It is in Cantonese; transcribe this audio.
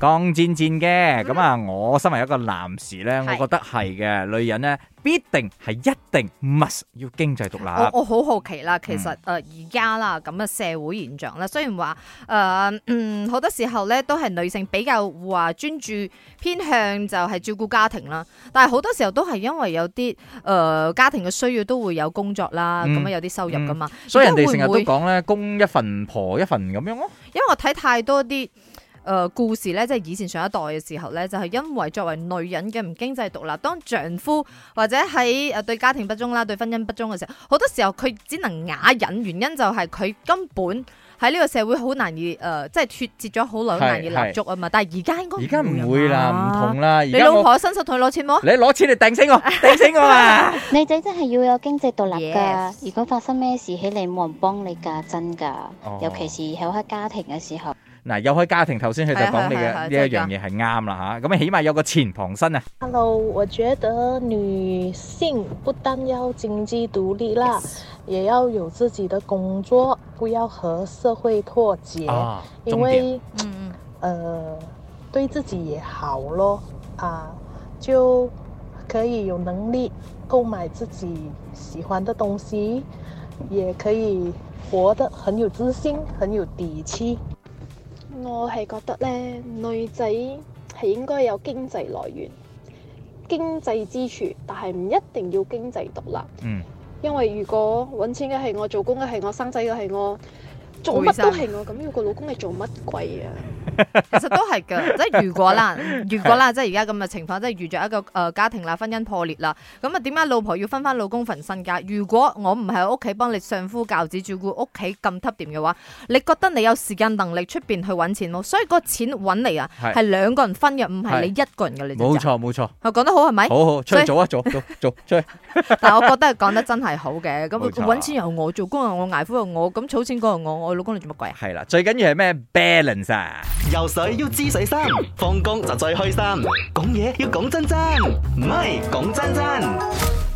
剛戰戰嘅，咁啊，嗯、我身為一個男士呢，是我覺得係嘅，女人呢，必定係一定 must 要經濟獨立。我好好奇啦，其實誒而家啦咁嘅社會現象咧，雖然話誒嗯好多時候呢，都係女性比較話專注偏向就係照顧家庭啦，但係好多時候都係因為有啲誒、呃、家庭嘅需要都會有工作啦，咁、嗯、樣有啲收入噶嘛、嗯嗯，所以人哋成日都講咧，公一份婆一份咁樣咯。因為我睇太多啲。誒，故事咧，即係以前上一代嘅時候咧，就係因為作為女人嘅唔經濟獨立，當丈夫或者喺誒對家庭不忠啦，對婚姻不忠嘅時候，好多時候佢只能啞忍，原因就係佢根本喺呢個社會好難以，誒，即係脱節咗好耐，好難以立足啊嘛。但係而家應該而家唔會啦，唔同啦。你老婆伸手同你攞錢冇？你攞錢嚟頂死我，頂死我啊！女仔真係要有經濟獨立噶，如果發生咩事起嚟冇人幫你噶，真噶，尤其是喺家庭嘅時候。嗱，有開家庭，頭先佢就講你嘅呢一樣嘢係啱啦嚇。咁起碼有個錢傍身啊。Hello，我覺得女性不但要經濟獨立啦，Yes. 也要有自己的工作，不要和社會脫節，啊、因為，嗯嗯呃，對自己也好咯，啊，就可以有能力購買自己喜歡嘅東西，也可以活得很有自信，很有底氣。我係覺得咧，女仔係應該有經濟來源、經濟支柱，但係唔一定要經濟獨立。嗯，因為如果揾錢嘅係我，做工嘅係我，生仔嘅係我。做乜都係我，咁要個老公係做乜鬼啊？ 其實都係噶，即係如果啦，如果啦，即係而家咁嘅情況，即係遇着一個誒、呃、家庭啦，婚姻破裂啦，咁啊點解老婆要分翻老公份身家？如果我唔係屋企幫你相夫教子、照顧屋企咁級掂嘅話，你覺得你有時間能力出邊去揾錢冇？所以嗰個錢搵嚟啊，係兩是個人分嘅，唔係你一個人嘅。是你冇錯，冇錯。我講得好係咪？是是好好，出去以做啊，做做出做。做做出去 但我覺得講得真係好嘅，咁搵錯錢由我做，工人我挨苦由我，咁儲錢嗰個我我。老公你做乜鬼啊？係啦，最緊要係咩 balance 啊？游水要知水深，放工就最開心。講嘢要講真真，唔係講真真。